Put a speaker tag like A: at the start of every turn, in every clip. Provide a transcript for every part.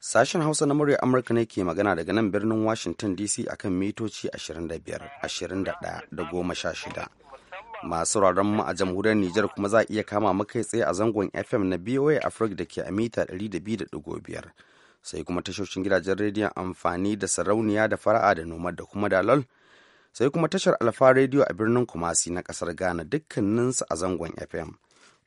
A: Sashen Hausa na murya Amurka ne ke magana daga nan birnin Washington DC akan mitoci 25, 21 da 16. Masu mu a jamhuriyar Nijar kuma za a iya kama makai tsaye a zangon FM na BOA Africa da ke a mita 200.5. Sai kuma tashoshin gidajen rediyon amfani da sarauniya da fara'a da noma da kuma dalol sai kuma tashar Alfa Radio a birnin Kumasi na kasar Ghana dukkaninsu a zangon FM.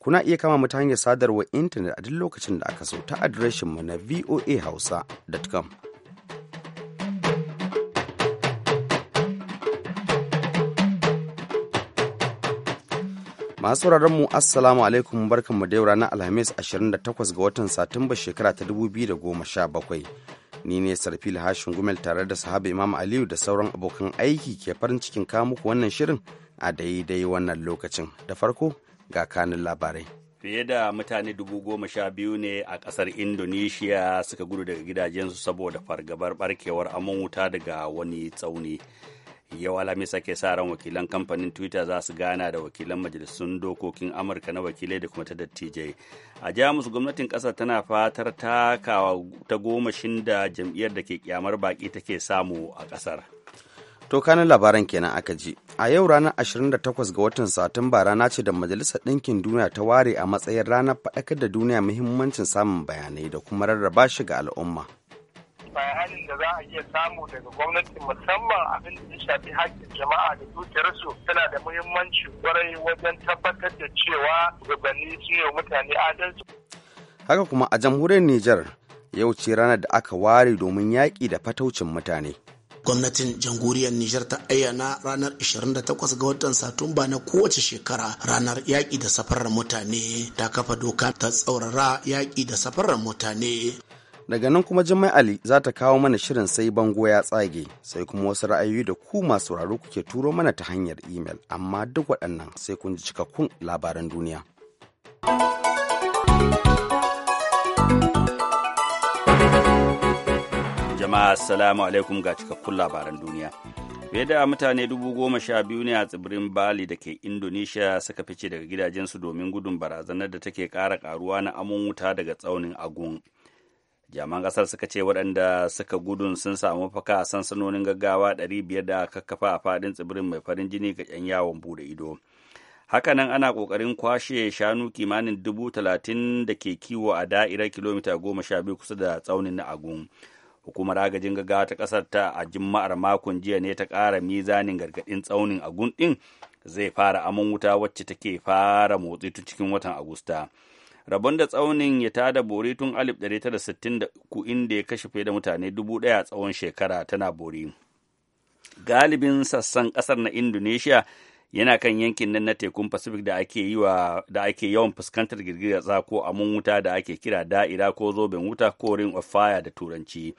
A: Kuna iya kama mu ta hanyar sadarwar intanet a duk lokacin da aka so ta adireshinmu na voahausa.com. masu mu assalamu alaikum barkan da yau ranar alhamis 28 ga watan satumba shekara ta 2017 ni ne sarfil hashin gumel tare da sahaba imam aliyu da sauran abokan aiki ke farin cikin muku wannan shirin a daidai wannan lokacin da farko ga kanin labarai
B: fiye da mutane dubu goma sha biyu ne a kasar indonesia suka gudu daga gidajensu saboda fargabar barkewar amon wuta daga wani tsauni yau alhamis ke sa ran wakilan kamfanin twitter za su gana da wakilan majalisun dokokin amurka na wakilai da kuma ta dattijai a jamus gwamnatin kasar tana fatar takawa ta goma da jam'iyyar da ke kyamar baki take samu a kasar
A: to kanin labaran kenan aka ji a yau ranar 28 ga watan satumba rana ce da majalisar ɗinkin duniya ta ware a matsayin ranar faɗakar da duniya muhimmancin samun bayanai da kuma rarraba shi ga al'umma
C: bayanin da za a iya samu daga gwamnati musamman abin da ya shafi haƙƙin jama'a da dukiyarsu tana da muhimmanci kwarai wajen tabbatar da cewa gabanni su yi mutane adalci.
A: Haka kuma a jamhuriyar Nijar yau ce ranar da aka ware domin yaƙi da fataucin mutane. gwamnatin jamhuriyar Nijar ta ayyana ranar 28 ga watan
D: Satumba na kowace shekara ranar yaƙi da safarar mutane ta kafa doka ta tsaurara
A: yaƙi da safarar mutane. Daga nan kuma Jummai Ali za ta kawo mana shirin sai bango ya tsage sai kuma wasu ra'ayoyi da ku masu sauraro kuke turo mana ta hanyar imel amma duk waɗannan sai kun ji cikakkun labaran duniya.
B: Jama'a assalamu alaikum ga cikakkun labaran duniya. fiye da mutane dubu goma sha biyu ne a tsibirin bali da ke indonesia suka fice daga gidajensu domin gudun barazanar da take kara karuwa na amon wuta daga tsaunin agun jami'an ƙasar suka ce waɗanda suka gudun sun samu mafaka a sansanonin gaggawa 500 da kakkafa a fadin tsibirin mai farin jini ga 'yan yawon bude ido hakanan ana ƙoƙarin kwashe shanu kimanin dubu talatin da ke kiwo a da'irar kilomita goma sha biyu kusa da tsaunin na agun hukumar agajin gaggawa ta ƙasar ta a juma'ar makon jiya ne ta ƙara mizanin gargaɗin tsaunin agun ɗin zai fara amon wuta wacce take fara motsi tun cikin watan agusta rabon da tsaunin ya tada bori tun 1963 inda ya kashe fiye da mutane dubu ɗaya tsawon shekara tana bori galibin sassan ƙasar na indonesia yana kan yankin nan na tekun pacific da ake yawan fuskantar girgizar tsako a mun wuta da ake kira da'ira ko zoben wuta ko ring of fire da turanci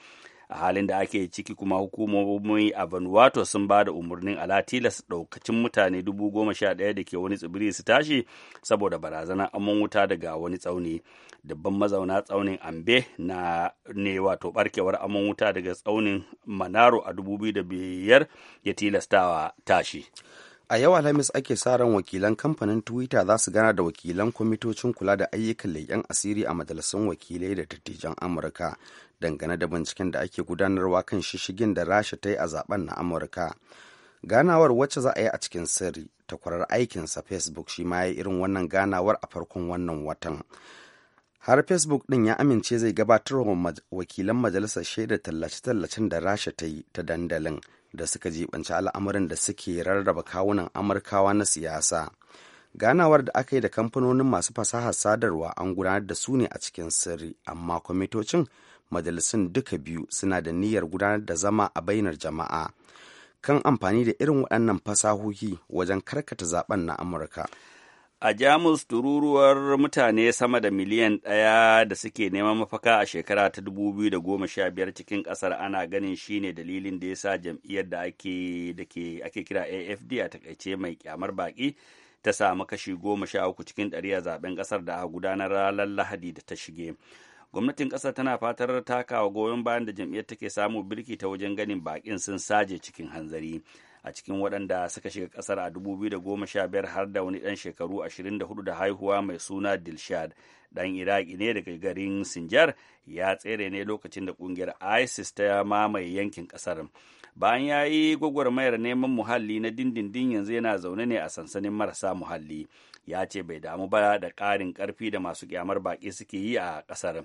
B: a halin da ake ciki kuma hukumomi a vanuatu sun ba da umarnin ala tilas ɗaukacin mutane dubu goma sha ɗaya da ke wani tsibiri su tashi saboda barazanar amon wuta daga wani tsauni dabban mazauna tsaunin ambe na ne wato barkewar amon wuta daga tsaunin manaro a dubu biyu da biyar ya tilastawa tashi
A: a yau alhamis ake sa ran wakilan kamfanin twitter za su gana da wakilan kwamitocin kula da ayyukan leƙen asiri a majalisun wakilai da dattijan amurka dangane da binciken da ake gudanarwa kan shishigin da rasha ta yi a zaben na amurka ganawar wacce za a yi a cikin sirri ta kwarar aikinsa facebook shi ma ya irin wannan ganawar a farkon wannan watan har facebook din ya amince zai gabatar wa wakilan majalisar shaidar tallace-tallacen da rasha ta yi ta dandalin da suka jibanci al'amuran da suke rarraba kawunan amurkawa na siyasa ganawar da aka yi da kamfanonin masu fasahar sadarwa an gudanar da su ne a cikin sirri amma kwamitocin majalisun duka biyu suna da niyyar gudanar da zama a bainar jama'a kan amfani da irin waɗannan fasahohi wajen karkata zaben na amurka
B: A Jamus tururuwar mutane sama da miliyan ɗaya da suke neman mafaka a shekara ta 2015 cikin ƙasar ana ganin shine dalilin da ya sa jam'iyyar da ake kira AFD a takaice mai kyamar baƙi ta samu kashi goma sha uku cikin ɗari a zaben ƙasar da a gudanar ranar Lahadi da ta shige. Gwamnatin ƙasar tana fatar takawa goyon bayan da jam'iyyar take samu birki ta wajen ganin baƙin sun saje cikin hanzari. a cikin waɗanda suka shiga ƙasar a 2015 har da wani ɗan shekaru 24 da haihuwa mai suna dilshad ɗan iraki ne daga garin sinjar ya tsere ne lokacin da ƙungiyar isis ta mamaye yankin ƙasar bayan ya yi gwagwarmayar neman muhalli na dindindin yanzu yana zaune ne a sansanin marasa muhalli ya ce bai damu ba da ƙarin ƙarfi da masu kyamar baƙi suke yi a ƙasar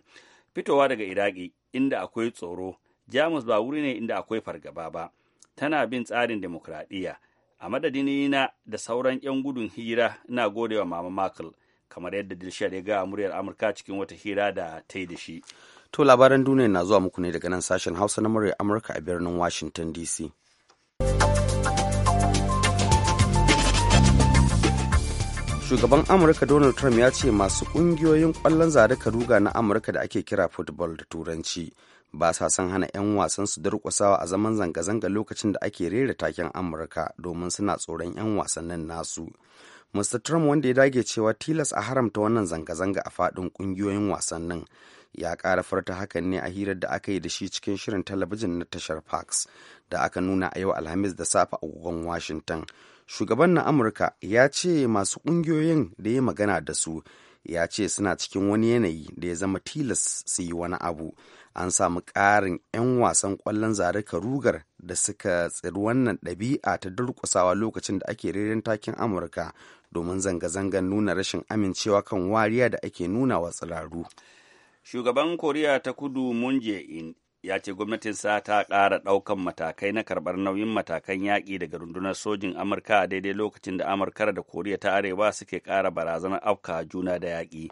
B: fitowa daga iraki inda akwai tsoro jamus ba wuri ne inda akwai fargaba ba tana bin tsarin demokradiyya a madadinina da sauran 'yan gudun hira na gode wa mama Merkel kamar yadda Dilshar ya ga muryar Amurka cikin wata hira da ta yi da shi.
A: To labaran duniya na zuwa muku ne daga nan sashen Hausa na muryar Amurka a birnin Washington DC. Shugaban Amurka Donald Trump ya ce masu kungiyoyin kwallon zare ruga na Amurka da ake kira football da turanci ba sa son hana 'yan wasan su durƙusawa a zaman zanga-zanga lokacin da ake rera taken amurka domin suna tsoron 'yan wasannin nasu mr trump wanda ya dage cewa tilas a haramta wannan zanga-zanga a faɗin ƙungiyoyin wasannin ya kara farta hakan ne a hirar da aka yi da shi cikin shirin talabijin na tashar parks da aka nuna a yau alhamis da safe a gugun washington shugaban na amurka ya ce masu ƙungiyoyin da ya magana da su ya ce suna cikin wani yanayi da ya zama tilas su yi wani abu an samu ƙarin 'yan wasan ƙwallon zare rugar da suka tsiri wannan ɗabi'a ta durƙusawa lokacin da ake rerin takin amurka domin zanga zangan nuna rashin amincewa kan wariya da ake nuna wa tsiraru
B: shugaban koriya ta kudu moon in ya ce gwamnatinsa ta ƙara ɗaukan matakai na karɓar nauyin matakan yaƙi daga rundunar sojin amurka a daidai lokacin da amurkar da koriya ta arewa suke ƙara barazanar afka juna da yaƙi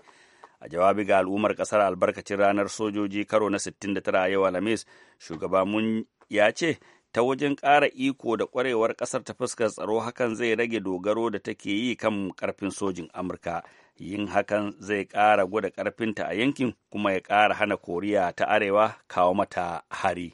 B: a jawabi ga al'ummar kasar albarkacin ranar sojoji karo na 69 a yau alhamis shugaba mun ya ce ta wajen ƙara iko da ƙwarewar ƙasar ta fuskar tsaro hakan zai rage dogaro da take yi kan ƙarfin sojin amurka yin hakan zai ƙara gwada ƙarfinta a yankin kuma ya ƙara hana koriya ta arewa kawo mata hari.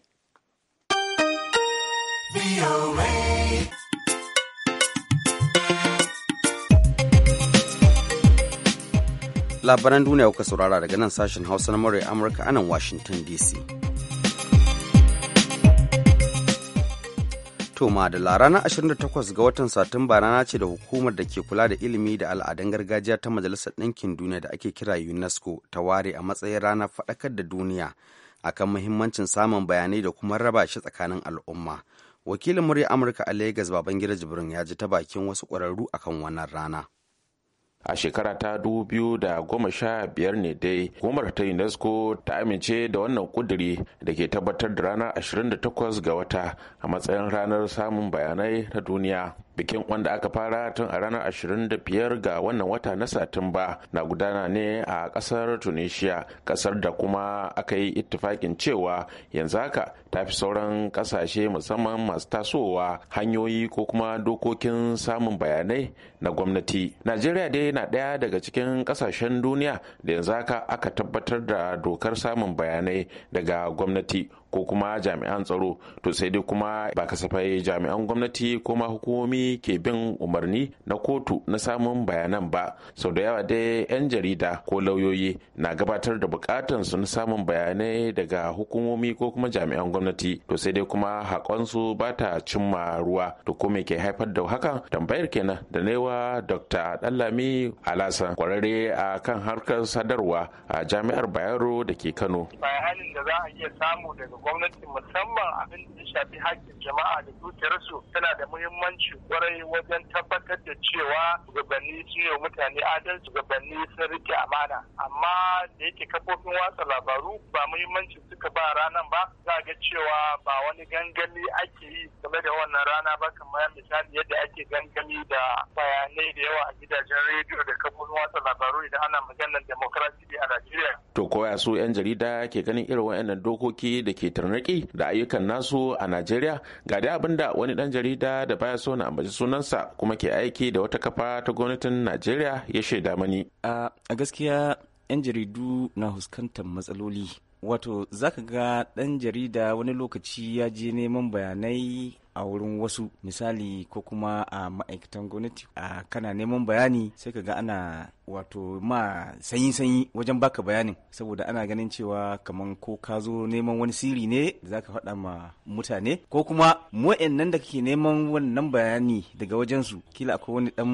A: labaran duniya kuka saurara daga nan sashen hausa na murya amurka anan washington dc Toma da larana 28 ga watan Satumba rana ce da hukumar da ke kula da ilimi da al'adun gargajiya ta Majalisar Ɗinkin Duniya da ake kira UNESCO ta ware a matsayin rana faɗakar da duniya akan muhimmancin samun bayanai da kuma raba shi tsakanin al'umma. Wakilin murya Amurka a Lagos Babangida Jibrin ya ji ta bakin wasu ƙwararru akan wannan rana. a shekara ta biyu da goma sha biyar ne dai
E: hukumar ta unesco ta amince da wannan kuduri da ke tabbatar da ranar 28 ga wata a matsayin ranar samun bayanai na duniya bikin wanda aka fara tun a ranar 25 ga wannan wata na satumba na gudana ne a kasar tunisia kasar da kuma aka yi ittifakin cewa yanzu haka ta fi sauran kasashe musamman masu tasowa hanyoyi ko kuma dokokin samun bayanai na gwamnati najeriya dai na ɗaya daga cikin kasashen duniya da yanzu haka aka tabbatar da dokar samun bayanai daga gwamnati ko kuma jami'an tsaro to sai dai kuma ba kasafai jami'an gwamnati ko ma hukumomi ke bin umarni na kotu na samun bayanan ba sau da yawa dai 'yan jarida ko lauyoyi na gabatar da bukatun su na samun bayanai daga hukumomi ko kuma jami'an gwamnati to sai dai kuma hakonsu ba ta cimma ruwa to ko me ke haifar da hakan tambayar kenan da naiwa dr dallami alasa kwararre a kan harkar sadarwa a jami'ar bayero da ke kano halin da za a iya samu daga gwamnati musamman abin da ya shafi haƙƙin jama'a da dukiyarsu tana da muhimmanci kwarai wajen tabbatar da
C: cewa shugabanni sun yi mutane adalci shugabanni sun rike amana amma da yake kafofin watsa labaru ba muhimmanci suka ba ranan ba za ga cewa ba wani gangami ake yi game da wannan rana ba kamar misali yadda ake gangami da bayanai da yawa a gidajen rediyo da kafofin watsa labaru idan ana maganar demokrasi a Najeriya.
E: To koya su 'yan jarida ke ganin irin wa'annan dokoki da ke ke tarnaki da ayyukan nasu a najeriya ga dai abin da wani dan jarida da baya so na ambaci sunansa kuma ke aiki da wata kafa ta gwamnatin najeriya ya shaida mani
A: a gaskiya 'yan jaridu na fuskantar matsaloli wato zaka ga ɗan jarida wani lokaci ya je neman bayanai a wurin wasu misali ko kuma a ma'aikatan gwamnati a kana neman bayani sai ka ga ana wato ma sanyi-sanyi wajen baka bayanin saboda ana ganin cewa kamar ko ka zo neman wani siri ne za ka faɗa ma mutane ko kuma nan da kake neman wannan bayani daga wajensu kila akwai wani ɗan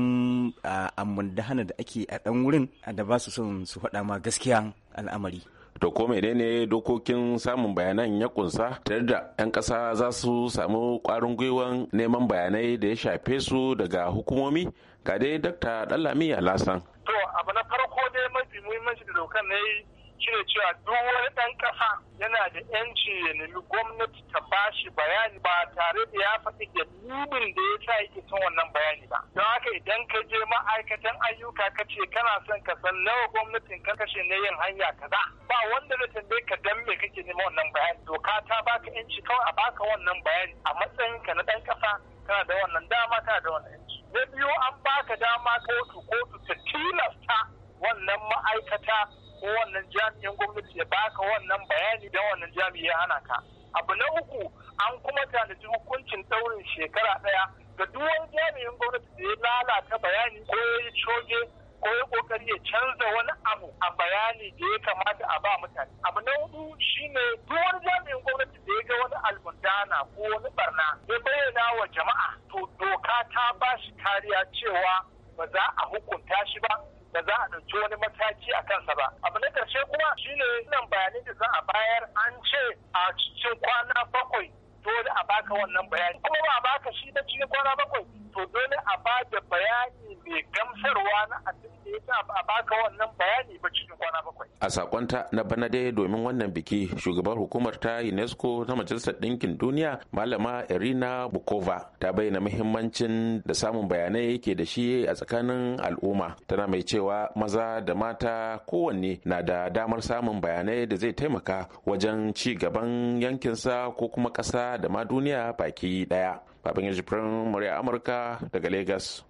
A: amman da ake a ɗan wurin da ba su son su faɗa ma gaskiya al'amari
E: to ko menene dokokin samun bayanan ya kunsa tare da 'yan ƙasa za su samu ƙwarin gwiwan neman bayanai da ya shafe su daga hukumomi ga dai dr dalami alasan to
C: abu na farko dai mafi muhimmanci da dokar na yi shine cewa duk wani ɗan ƙasa yana da yanci ya nemi gwamnati ta bashi bayani ba tare da ya faɗi da nubin da ya sa yake son wannan bayani ba don haka idan ka je ma'aikatan ayyuka ka ce kana son ka san nawa gwamnatin ka kashe na yin hanya kaza ba wanda zai tambaye ka dan me kake nema wannan bayani doka ta baka yanci kawai a baka wannan bayani a matsayin ka na ɗan ƙasa kana da wannan dama kana da wannan yanci na biyu an baka dama kotu kotu ta tilasta wannan ma'aikata ko wannan jami'in gwamnati ya baka wannan bayani da wannan jami'i ya hana ka abu na uku an kuma tanaji hukuncin daurin shekara daya ga duk wani jami'in gwamnati da ya lalata bayani ko ya yi coge ko ya kokari ya canza wani abu a bayani da ya kamata a ba mutane abu na hudu shine duk wani jami'in gwamnati da ya ga wani almundana ko wani barna ya bayyana wa jama'a to doka ta bashi kariya cewa ba za a hukunta shi ba da za a ɗauki wani mataki a kansa ba abu na ƙarshe kuma shine nan bayanin da za a bayar an ce a cikin kwana bakwai dole a baka wannan bayani kuma ba a baka shi na cikin kwana bakwai to dole a ba da bayani mai gamsarwa na abin da ya sa a baka wannan bayani ba cikin kwana bakwai.
E: A sakonta na bana dai domin wannan biki shugaban hukumar ta UNESCO ta Majalisar Ɗinkin Duniya Malama Irina Bukova ta bayyana muhimmancin da samun bayanai ke da shi a tsakanin al'umma tana mai cewa maza da mata kowanne na da damar samun bayanai da zai taimaka wajen ci gaban yankinsa ko kuma ƙasa da ma duniya baki ɗaya. babin yajifirin murya amurka daga lagos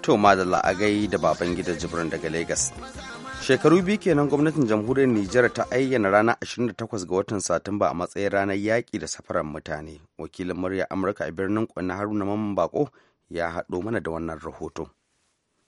A: to madalla a gai da baban gida jibrin daga Legas. shekaru biyu kenan gwamnatin jamhuriyar nijar ta ayyana ranar 28 ga watan satumba a matsayin ranar yaƙi da safarar mutane wakilin murya amurka a birnin kwanne haruna mamman bako ya haɗo mana da wannan rahoto.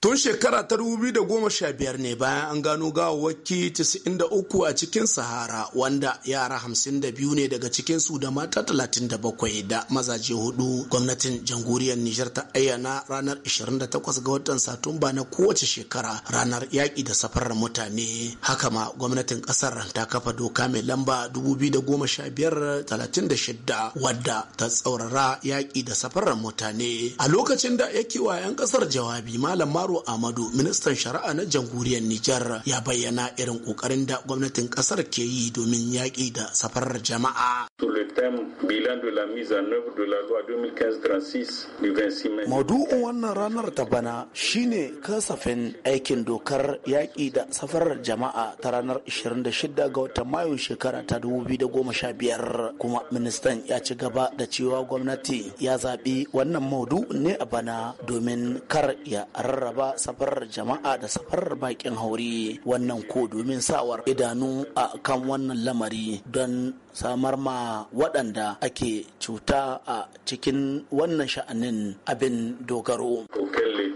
D: tun shekara ta 2015 ne bayan an gano gawawwaki 93 a cikin sahara wanda yara 52 ne daga cikin su da mata 37 da mazaje hudu gwamnatin jamhuriyar nijar ta ayyana ranar 28 ga watan satumba na kowace shekara ranar yaƙi da safarar mutane haka ma gwamnatin ƙasar ta kafa doka mai lamba 2015-36 wadda ta tsaurara yaƙi da safarar mutane a lokacin da yake wa 'yan ƙasar jawabi malam maru Umaru Amadu ministan shari'a na jamhuriyar Nijar ya bayyana irin kokarin da gwamnatin kasar ke yi domin yaƙi da safarar jama'a. Maudu'un wannan ranar ta bana shine kasafin aikin dokar yaƙi da safarar jama'a ta ranar 26 ga watan Mayu shekara ta 2015 kuma ministan ya ci gaba da cewa gwamnati ya zaɓi wannan maudu ne a bana domin kar ya rarraba ba safarar jama'a da safarar bakin haure wannan ko domin sawar idanu a kan wannan lamari don samar ma waɗanda ake cuta a cikin wannan sha'anin abin dogaro.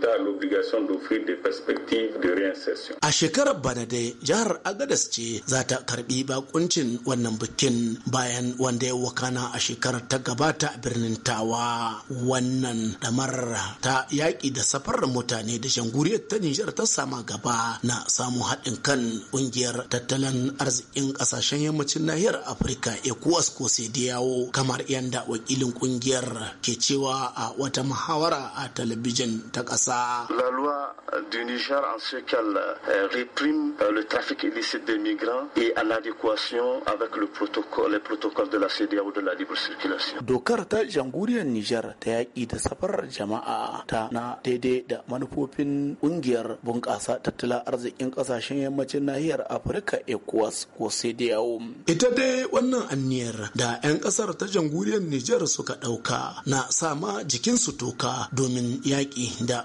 B: l'État a l'obligation d'offrir des perspectives de réinsertion.
D: A shekarar bana dai jihar Agadas ce za ta karbi bakuncin wannan bikin bayan wanda ya wakana a shekarar ta gabata a birnin Tawa. Wannan damar ta yaƙi da safar mutane da shanguriyar ta Nijar ta sama gaba na samun haɗin kan ƙungiyar tattalin arzikin ƙasashen yammacin nahiyar Afirka ECOWAS ko Sediyawo kamar yanda wakilin ƙungiyar ke cewa a wata muhawara a talabijin ta ƙasa. ƙasa. La loi du Niger en ce qu'elle euh, réprime euh, le trafic illicite des migrants et en adéquation avec le protocole, les protocoles de la ou de la libre circulation. Dokar ta jamhuriyar Niger ta yaƙi da safarar jama'a ta na daidai da manufofin ƙungiyar bunƙasa tattala arzikin ƙasashen yammacin nahiyar Afirka ECOWAS ko CDAO. Ita dai wannan anniyar da 'yan ƙasar ta jamhuriyar Niger suka ɗauka na sama jikinsu toka domin yaƙi da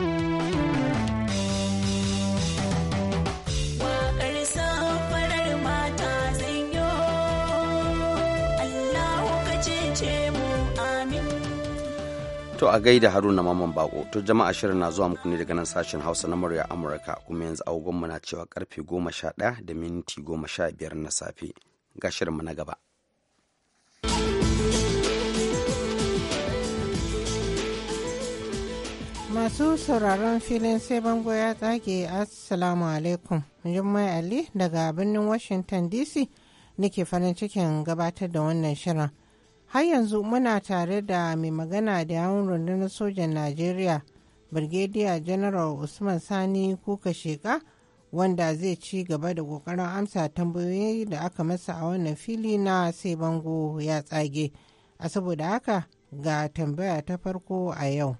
A: To a gaida Haruna Maman Bako, to jama'a shirin na zuwa muku ne daga nan sashen Hausa na murya Amurka kuma yanzu mu na cewa karfe goma sha ɗaya da minti goma sha biyar na safe ga shirinmu na gaba.
F: Masu sauraron filin sai bango ya tsage Assalamu alaikum. Jummai Ali daga birnin Washington DC nake farin cikin gabatar da wannan shirin. har yanzu muna tare da mai magana da yawon rundunar sojan najeriya brigadier general usman sani kuka sheka wanda zai ci gaba da kokarin amsa tambayoyi da aka masa a wannan fili na sai bango ya tsage a saboda haka ga tambaya ta farko a yau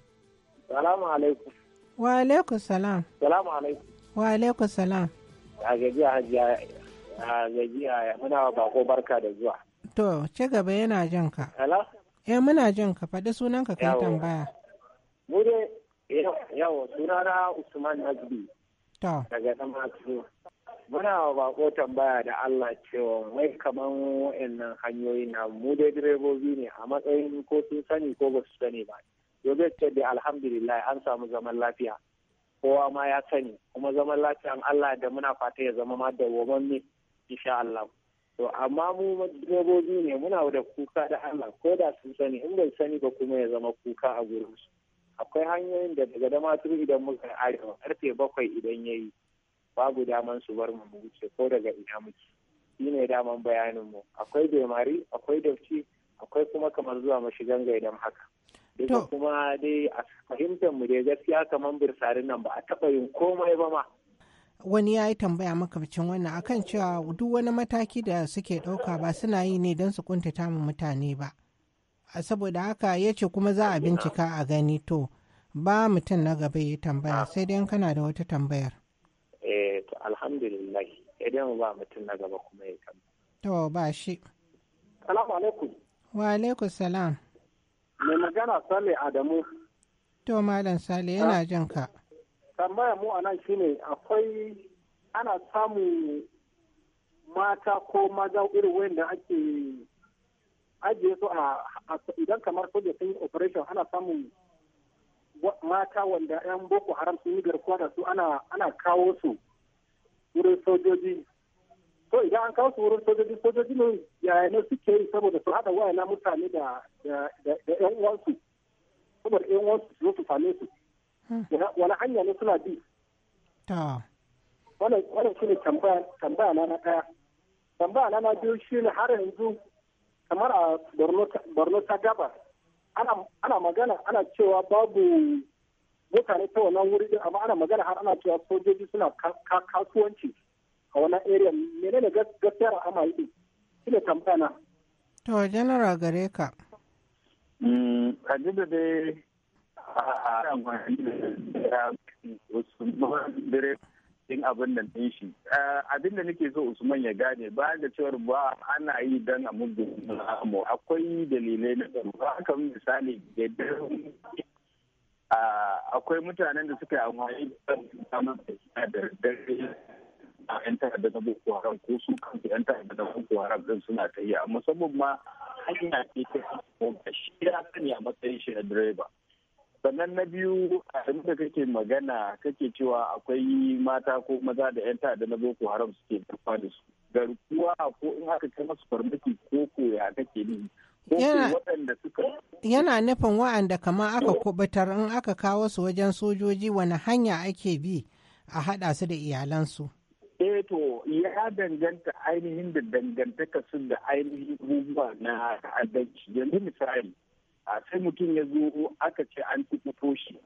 G: salamu alaikum
F: wa alaikum salam
G: salamu alaikum
F: wa alaikum salam
G: a gajiya hajiya a gajiya muna bako barka da zuwa
F: To, ci gaba yana jin ka. ya eh, muna jin ka faɗi sunan ka kai tambaya.
G: Mu dai suna sunana Usman nazbi. To. Daga su. Muna wa bako tambaya da Allah cewa mai kaman wa'annan hanyoyi na mu dai direbobi ne a matsayin ko sun sani ko ba su sani ba. Yobe ce da alhamdulillah an samu zaman lafiya. Kowa ma ya sani kuma zaman lafiyan Allah da muna fata ya zama ma dawwamanne insha Allah. to amma mu direbobi ne muna da kuka da Allah ko da sun sani in bai sani ba kuma ya zama kuka a gurin su akwai hanyoyin da daga dama tun idan muka arewa karfe bakwai idan ya yi babu daman su bar mu wuce ko daga ina muke shi ne daman bayanin mu akwai bemari akwai dafci akwai kuma kamar zuwa mashigan gaidan haka duka kuma dai a fahimtar mu dai gaskiya kamar birsarin nan ba a taɓa yin komai ba ma
F: wani ya yi tambaya makamcin wannan akan cewa duk wani mataki da suke ɗauka ba suna yi ne don su kuntata mu mutane ba saboda haka ya ce kuma za a bincika a gani to ba mutum na gaba ya tambaya sai dai kana da wata tambayar
G: eh alhamdulillah idan ba mutum na gaba kuma ya tambaya
F: to ba shi
G: salamu alaikum
F: wa alaikum salam
G: mai magana sale adamu
F: to malam sale yana jin ka
G: tambaya mu a nan shine akwai ana samun mata ko maza irin wanda ake ajiye su a idan kamar soja sun yi operation ana samun mata wanda 'yan boko haram sun yi garkuwa da su ana kawo su wurin sojoji to idan an kawo su wurin sojoji sojoji ne yaya ne suke yi saboda su haɗa wayana mutane da 'yan uwansu saboda 'yan uwansu su zo su same su wani hanya ne suna bi wannan shi ne tambaya na na ɗaya tambaya na na biyu shi ne har yanzu kamar a borno ta gaba ana magana ana cewa babu mutane ta wannan wuri din amma ana magana har ana cewa sojoji suna kasuwanci a wannan area menene gaskiyar amari shi ne tambaya na
F: to general gare ka
G: mm dai din abin shi abin da nake so usman ya gane ba da cewar ba ana yi don a mugun mu akwai dalilai na haka misali da akwai mutanen da suka yi amfani da da dare a yan ta'adda na boko haram ko su da yan ta'adda na boko haram din suna ta yi amma musamman ma hanya ce ta shi ya sani a matsayin shi na direba sannan na biyu a da kake magana kake cewa akwai mata ko maza da 'yan ta'adda na boko haram suke karfa da su garkuwa ko in haka kai masu farmaki ko ya kake ni
F: yana nufin wa'anda kama aka kubutar in aka kawo su wajen sojoji wani hanya ake bi a haɗa su da iyalansu
G: eh to ya danganta ainihin da dangantaka su da ainihin abubuwa na ta'addanci yanzu misali a sai mutum ya zo aka ce an tukuto shi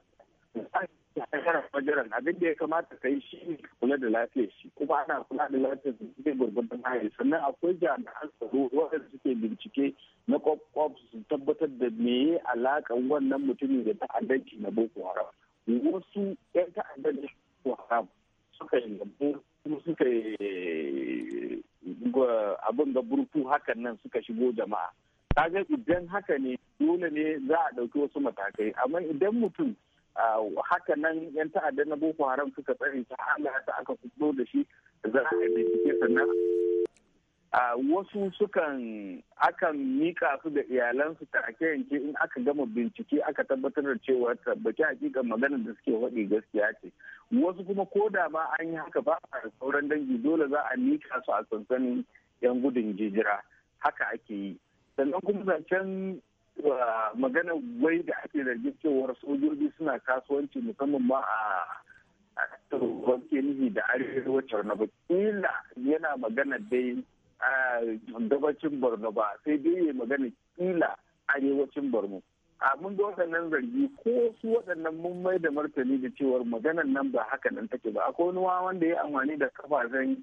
G: fajiran abin da ya kamata ka yi shi kula da lafiyar shi kuma ana kula da lafiyar su suke gurgurdan hanyar sannan akwai jami'an tsaro wanda suke bincike na kwakwaf su tabbatar da me ya alakan wannan mutumin da ta'addanci na boko haram wasu yan ta'addan da boko haram suka yi labo kuma suka yi eh, abin da burtu hakan nan suka shigo jama'a kaga idan haka ne dole ne za a ɗauki wasu matakai amma idan mutum haka nan yan ta'adda na boko haram suka tsare ta Allah ta aka fito da shi za a yi bincike sannan wasu sukan akan mika su da iyalansu ta ake yanke in aka gama bincike aka tabbatar da cewa tabbaci hakika maganar da suke faɗi gaskiya ce wasu kuma ko da ma an yi haka ba a sauran dangi dole za a mika su a sansanin yan gudun jijira haka ake yi sannan kuma zancen magana wai da ake zargin cewar sojoji suna kasuwanci musamman ma a wanke nihi da arewacin na kila yana magana dai a gabacin borno ba sai dai ya magana kila arewacin borno a mun ga waɗannan zargi ko su waɗannan mun mai da martani da cewar maganar nan ba haka nan take ba akwai wani wanda ya amfani da kafafen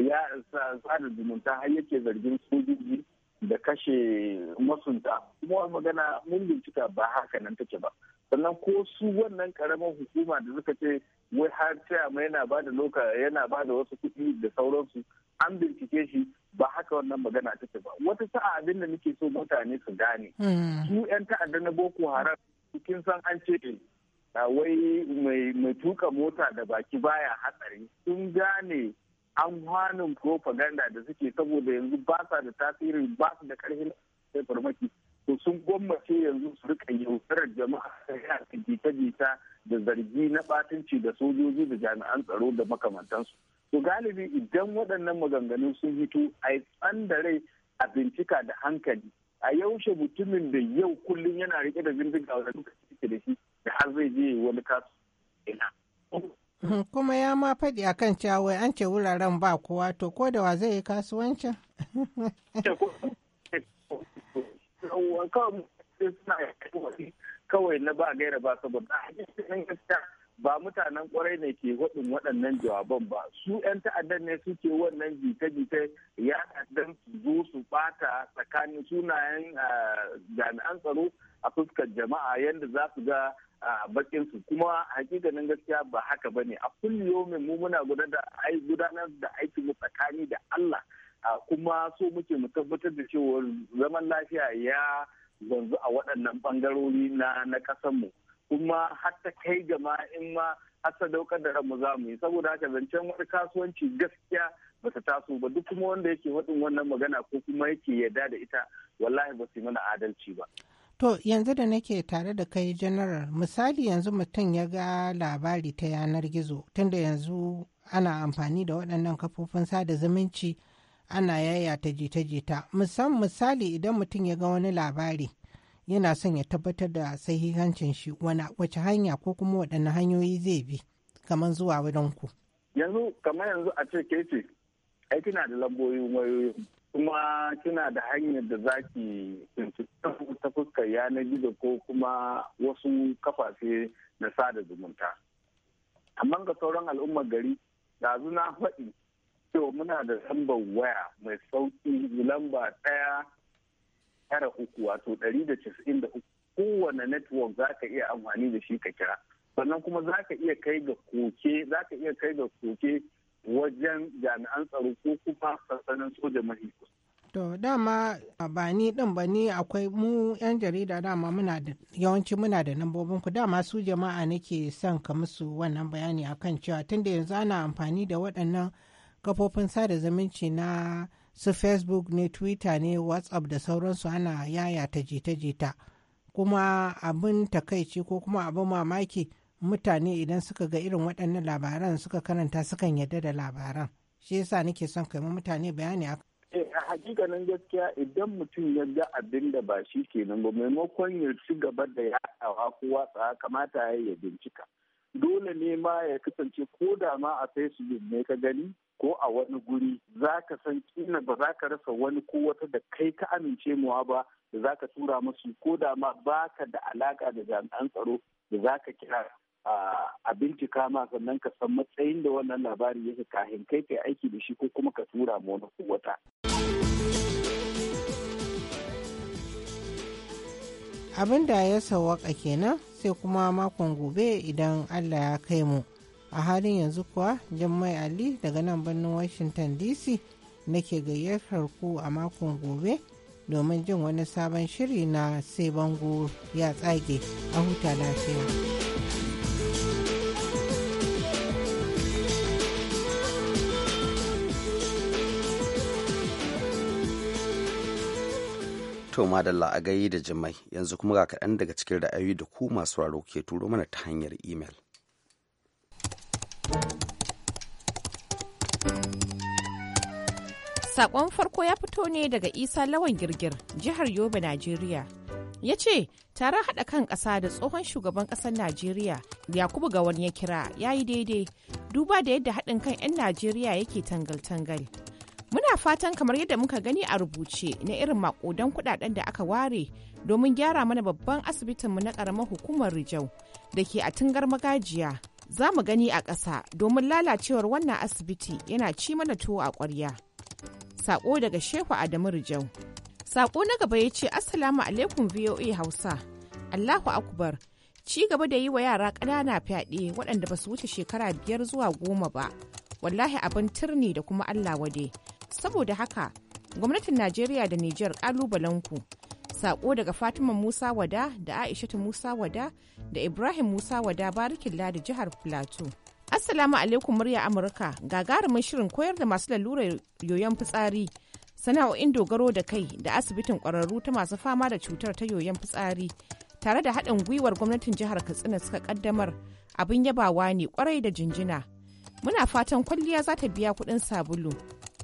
G: ya sa zumunta har yake zargin sojoji da kashe masunta kuma magana mun bincika ba haka nan take ba sannan ko su wannan karamar hukuma da suka ce wai har ma yana ba da loka yana ba da wasu kuɗi da sauransu an bincike shi ba haka wannan magana take ba wata sa'a abin da nake so mutane su gane hmm. su yan ta'adda na boko haram kin san an ce ah, wai mai tuka mota da baki baya hatsari sun gane an hannun propaganda da suke saboda yanzu ba sa da tasiri ba su da karfin sai farmaki to sun gwammace yanzu su rika yaudarar jama'a da jita-jita da zargi na batunci da sojoji da jami'an tsaro da makamantansu to galibi idan waɗannan maganganun sun hito a yi tsandare a bincika da hankali a yaushe mutumin da yau kullum yana rike da bindiga wanda duka cike da shi da har zai je wani kasu ina
F: Mhm, kuma ya ma faɗi a kan cewa an ce wuraren ba kowa to ko da wa zai yi kasuwancin?
G: kawai na ba gaira ba saboda ba mutanen kwarai ne ke waɗin waɗannan jawaban ba su 'yan ta'addan ne suke wannan jita-jita ya dan zo su ɓata tsakanin sunayen eh, jami'an tsaro a fuskar jama'a yadda za su ga bakin su kuma hakikanin gaskiya ba haka bane a kulliyomin mu muna gudanar da aiki mu tsakani da Allah kuma so muke mu tabbatar da cewa zaman lafiya ya zanzu a waɗannan bangarori na na mu kuma har kai ga ma in ma har sadaukar da ramu za mu yi saboda haka zancen wani kasuwanci gaskiya ba ta taso ba duk kuma wanda yake faɗin wannan magana ko kuma yake yarda da ita wallahi ba su yi mana adalci ba.
F: To yanzu da nake tare da kai janaral misali yanzu mutum ya ga labari ta yanar gizo tunda yanzu ana amfani da waɗannan kafofin sada zumunci ana yayata jita-jita musamman misali idan mutum ya ga wani labari yana son ya tabbatar da sahihancin shi wace hanya ko kuma waɗanne hanyoyi zai bi kamar zuwa wurin ku.
G: Yanzu kamar yanzu a ce ke ce aiki na da lambobin wayoyin kuma kina da hanyar da za ki ta fuskar yanar gizo ko kuma wasu kafafe na sada zumunta amma ga sauran al'ummar gari ɗazu na faɗi to muna da lambar waya mai sauƙi lamba ɗaya tara uku wato ɗari da casa'in da uku kowane network za ka iya amfani da shi ka kira sannan kuma za ka za ka iya kai ga koke wajen jami'an tsaro ko kuma sassanin soja mafi
F: To dama ba ni ɗin ba ni akwai mu 'yan jarida dama muna da yawanci muna da nambobin ku dama su jama'a nake son ka musu wannan bayani akan cewa tunda yanzu ana amfani da waɗannan kafofin sada zumunci na su facebook ne twitter ne whatsapp da sauransu ana ta jita-jita kuma abin takaici ko kuma abin mamaki mutane idan suka ga irin waɗannan labaran suka karanta sukan yarda da labaran shi yasa nake son kai mutane bayani a
G: eh, a hakikanin gaskiya idan mutum ya ga abin da ba shi kenan ba maimakon ya ci gaba da yaɗawa ko watsa kamata ya ya bincika dole ne ma ya kasance ko da ma a facebook ne ka gani ko a wani guri za ka san kina ba za ka rasa wani ko wata da kai ka amince muwa ba da za ka tura musu ko da ma ba ka da alaka da jami'an tsaro da za ka kira a bincika ma sannan ka san matsayin da wannan labari yake kahin kai kai aiki da shi ko kuma ka tura mu wani wata.
F: abin da ya sawaka kenan sai kuma makon gobe idan allah ya kai mu a halin yanzu kuwa mai ali daga nan birnin washington dc nake gayyatar ku a makon gobe domin jin wani sabon shiri na sai bango ya tsage a huta lafiya.
A: To madalla a gayi da jimai yanzu kuma ga kaɗan daga cikin ra'ayoyi da ku masu raro ke turo mana ta hanyar imel.
H: Sakon farko ya fito ne daga Isa Lawan Girgir, jihar Yobe, Najeriya. Ya ce, taron haɗa kan ƙasa da tsohon shugaban ƙasar Najeriya, Yakubu Gawan ya kira, ya yi daidai, duba da yadda haɗin kan 'yan Najeriya yake tangal-tangal. Muna fatan kamar yadda muka gani a rubuce na irin makudan kudaden da aka ware domin gyara mana babban asibitinmu na karamar hukumar Rijau da ke a tungar magajiya. Za mu gani a ƙasa domin lalacewar wannan asibiti yana ci mana tuwo a ƙwarya. Saƙo daga Shehu Adamu Rijau. Saƙo na gaba ya ce Assalamu alaikum VOA Hausa. Allahu Akbar. Ci gaba da yi wa yara ƙanana fyaɗe waɗanda ba su wuce shekara biyar zuwa goma ba. Wallahi abin turni da kuma Allah wade. saboda haka gwamnatin najeriya da nijar ku sako daga fatima musa wada da aishatu musa wada da ibrahim musa wada barikin ladi jihar plateau assalamu alaikum murya amurka gagarumin shirin koyar da masu lalurar yoyon fitsari sana'o'in dogaro da kai da asibitin kwararru ta masu fama da cutar ta yoyon fitsari tare da haɗin gwiwar gwamnatin jihar katsina suka kaddamar abin yabawa ne kwarai da jinjina muna fatan kwalliya za ta biya kuɗin sabulu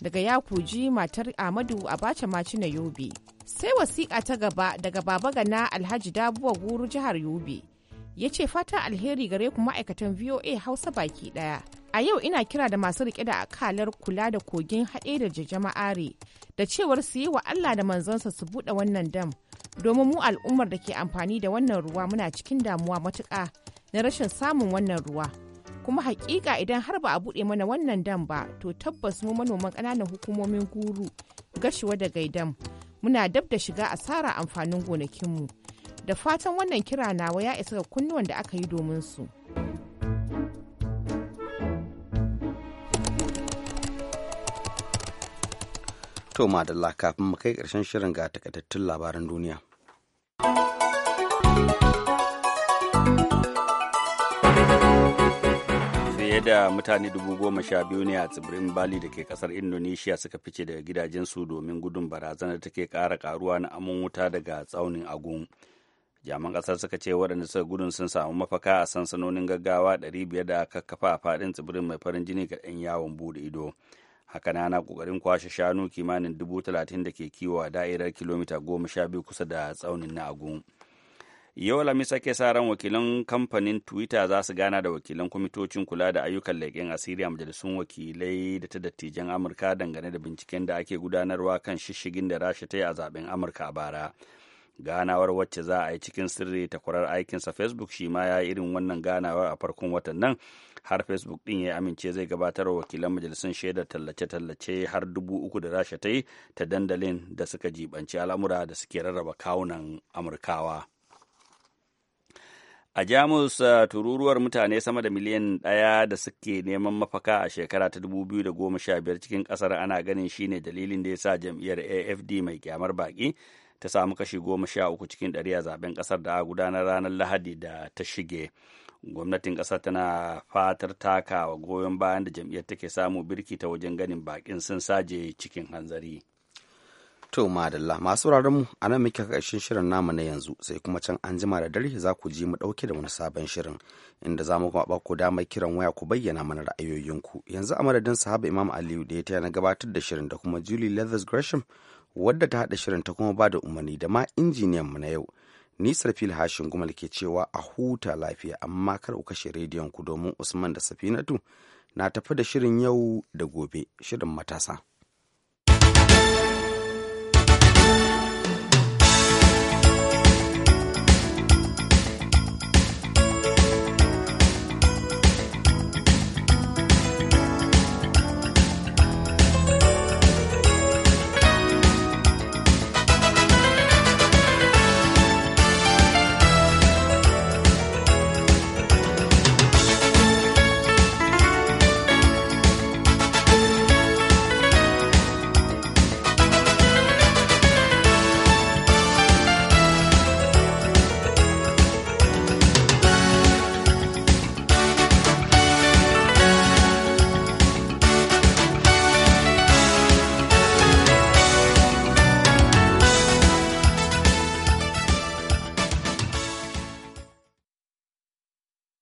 H: daga yakuji matar amadu abacha maci na yobe sai wasiƙa ta gaba daga baba gana alhaji dabuwa guru jihar yobe ya ce fata alheri gare ku ma'aikatan voa hausa baki ɗaya. a yau ina kira da masu riƙe da akalar kula da kogin haɗe da jama'are da cewar su yi wa allah da manzansa su buɗe wannan dam domin mu al'ummar da ke amfani da wannan ruwa muna cikin damuwa matuƙa na rashin samun wannan ruwa kuma hakika idan har ba a buɗe mana wannan dam ba to tabbas mu manoman ƙananan hukumomin guru gashiwa da gaidam muna dab da shiga asara amfanin gonakinmu da fatan wannan kira nawa ya isa ga kunnuwan da aka yi domin su.
A: To madalla kafin mu kai ƙarshen shirin ga takaitattun labaran duniya.
B: fiye da mutane dubu goma sha biyu ne a tsibirin bali da ke kasar indonesia suka fice daga gidajensu domin gudun barazanar take kara karuwa na amon wuta daga tsaunin agun jaman kasar suka ce waɗanda suka gudun sun samu mafaka a sansanonin gaggawa ɗari biyar da aka kafa a faɗin tsibirin mai farin jini ga ɗan yawon buɗe ido haka na ana ƙoƙarin kwashe shanu kimanin dubu talatin da ke kiwo a da'irar kilomita goma sha biyu kusa da tsaunin na agun yau alhamis ake sa ran wakilan kamfanin twitter za su gana da wakilan kwamitocin kula da ayyukan leƙen asiri a majalisun wakilai da ta dattijan amurka dangane da binciken da ake gudanarwa kan shishigin da rasha ta yi a zaben amurka a bara ganawar wacce za a yi cikin sirri ta kwarar aikinsa facebook shi ma ya irin wannan ganawar a farkon watan nan har facebook ɗin ya amince zai gabatar wa wakilan majalisun shaidar tallace-tallace har dubu uku da rasha ta yi ta dandalin da suka jibanci al'amura da suke rarraba kawunan amurkawa A Jamus uh, tururuwar mutane sama da miliyan ɗaya da suke neman mafaka a shekara ta 2015 cikin ƙasar ana ganin shine dalilin da ya sa jam'iyyar AFD mai kyamar baƙi ta samu kashi goma sha uku cikin ɗari a zaben ƙasar da a gudanar ranar Lahadi da ta shige. Gwamnatin ƙasar tana fatar takawa goyon bayan da jam'iyyar take samu birki ta wajen ganin baƙin sun saje cikin hanzari.
A: To madalla masu mu a nan muke ƙarshen shirin namu na yanzu sai kuma can an jima da dare za ku ji mu ɗauke da wani sabon shirin inda za mu ba ku damar kiran waya ku bayyana mana ra'ayoyinku yanzu a madadin sahaba imam aliyu da ya taya na gabatar da shirin da kuma julie leathers gresham wadda ta haɗa shirin ta kuma ba da umarni da ma injiniyan mu na yau ni sarfil hashin gumal ke cewa a huta lafiya amma kar ku kashe rediyon ku domin usman da safinatu na tafi da shirin yau da gobe shirin matasa.